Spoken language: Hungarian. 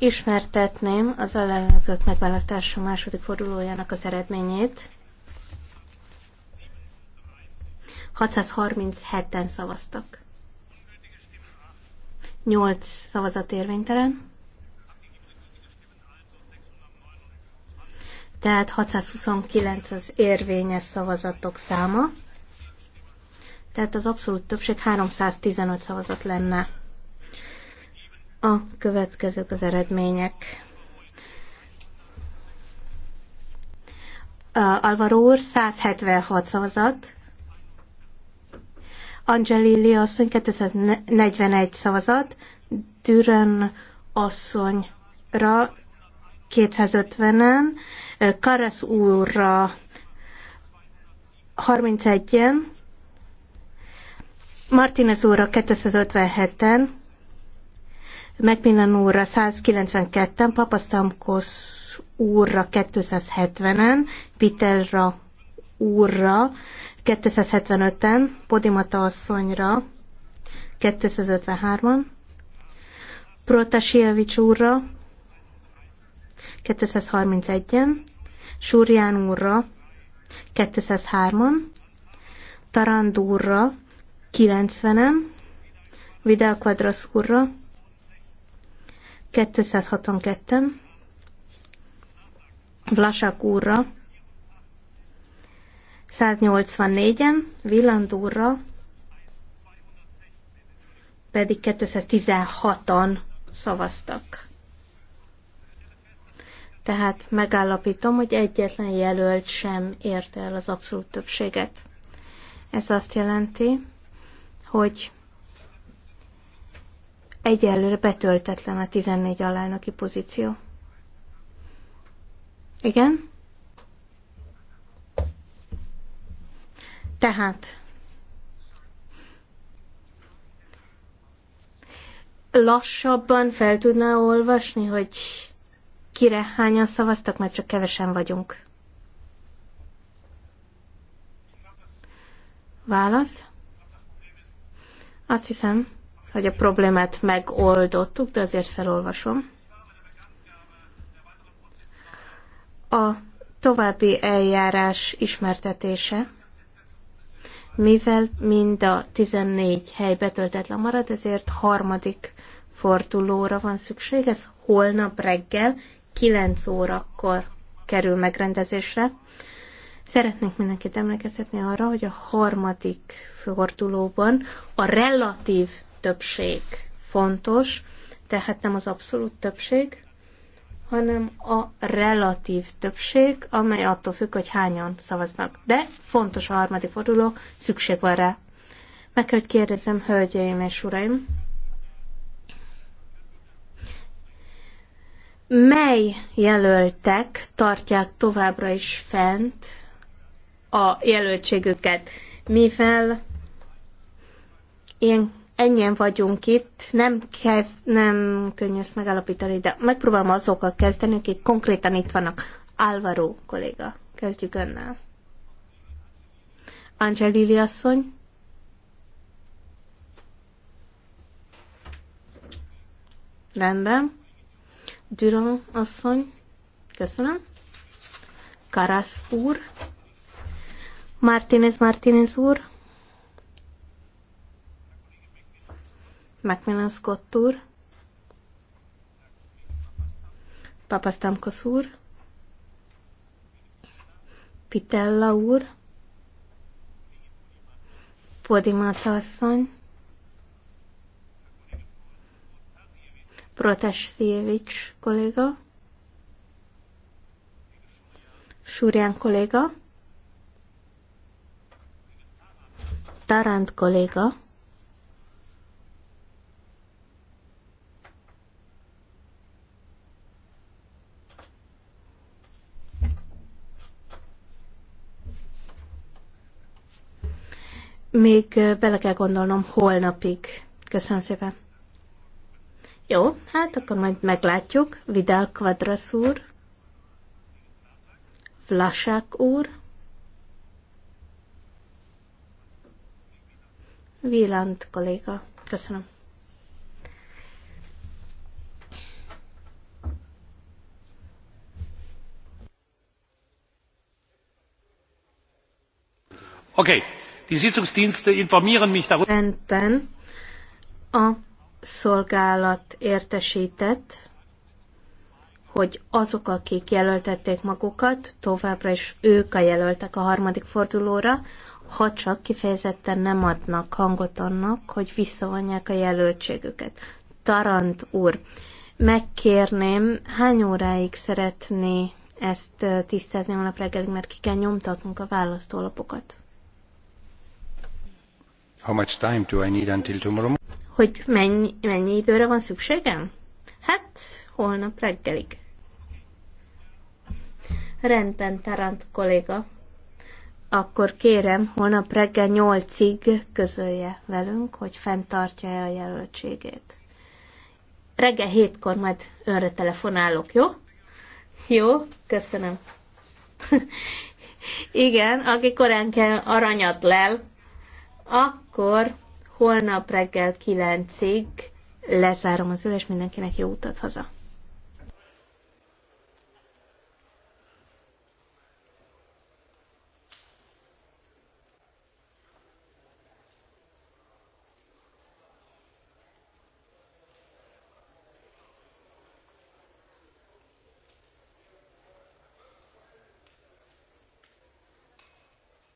Ismertetném az alelnökök megválasztása második fordulójának az eredményét. 637-en szavaztak. 8 szavazat érvénytelen. Tehát 629 az érvényes szavazatok száma. Tehát az abszolút többség 315 szavazat lenne. A következők az eredmények. Alvaro úr 176 szavazat, Angelilli asszony 241 szavazat, Düren asszonyra 250-en, Karesz úrra 31-en, Martinez úrra 257-en, Megminnen úrra 192-en, Papasztamkosz úrra 270-en, Piterra úrra 275-en, Podimata asszonyra 253-an, Protasievics úrra 231-en, Súrján úrra 203-an, Tarand úrra 90-en, Vidal Quadras úrra 262-en Vlasák úrra 184-en, Villand úrra pedig 216-an szavaztak. Tehát megállapítom, hogy egyetlen jelölt sem érte el az abszolút többséget. Ez azt jelenti, hogy egyelőre betöltetlen a 14 alelnöki pozíció. Igen? Tehát lassabban fel tudná olvasni, hogy kire hányan szavaztak, mert csak kevesen vagyunk. Válasz? Azt hiszem, hogy a problémát megoldottuk, de azért felolvasom. A további eljárás ismertetése, mivel mind a 14 hely betöltetlen marad, ezért harmadik fordulóra van szükség, ez holnap reggel 9 órakor kerül megrendezésre. Szeretnék mindenkit emlékeztetni arra, hogy a harmadik fordulóban a relatív többség fontos, tehát nem az abszolút többség, hanem a relatív többség, amely attól függ, hogy hányan szavaznak. De fontos a harmadik forduló, szükség van rá. Meg kell, hogy kérdezem, hölgyeim és uraim, mely jelöltek tartják továbbra is fent a jelöltségüket, mivel ilyen ennyien vagyunk itt, nem, kev, nem könnyű ezt megállapítani, de megpróbálom azokkal kezdeni, akik konkrétan itt vannak. Álvaro kolléga, kezdjük önnel. Angelili asszony. Rendben. Düron asszony. Köszönöm. Karasz úr. Martínez Martínez úr. Macmillan Scott úr, Papasztamkosz úr, Pitella úr, Podimata asszony, Protasiewicz kolléga, Súrján kolléga, Tarant kolléga, még bele kell gondolnom holnapig. Köszönöm szépen. Jó, hát akkor majd meglátjuk. Vidal Quadras úr, Vlasák úr, Vilant kolléga. Köszönöm. Oké. Okay. Die Sitzungsdienste informieren mich darüber. A szolgálat értesített, hogy azok, akik jelöltették magukat, továbbra is ők a jelöltek a harmadik fordulóra, ha csak kifejezetten nem adnak hangot annak, hogy visszavonják a jelöltségüket. Tarant úr, megkérném, hány óráig szeretné ezt tisztázni holnap reggelig, mert ki kell nyomtatnunk a választólapokat. How much time do I need until tomorrow? Hogy mennyi, mennyi időre van szükségem? Hát, holnap reggelig. Rendben, Tarant kolléga. Akkor kérem, holnap reggel nyolcig közölje velünk, hogy fenntartja-e a jelöltségét. Reggel hétkor, majd önre telefonálok, jó? Jó, köszönöm. Igen, aki korán kell aranyat lel, a akkor holnap reggel 9-ig lezárom az ülés, mindenkinek jó utat haza.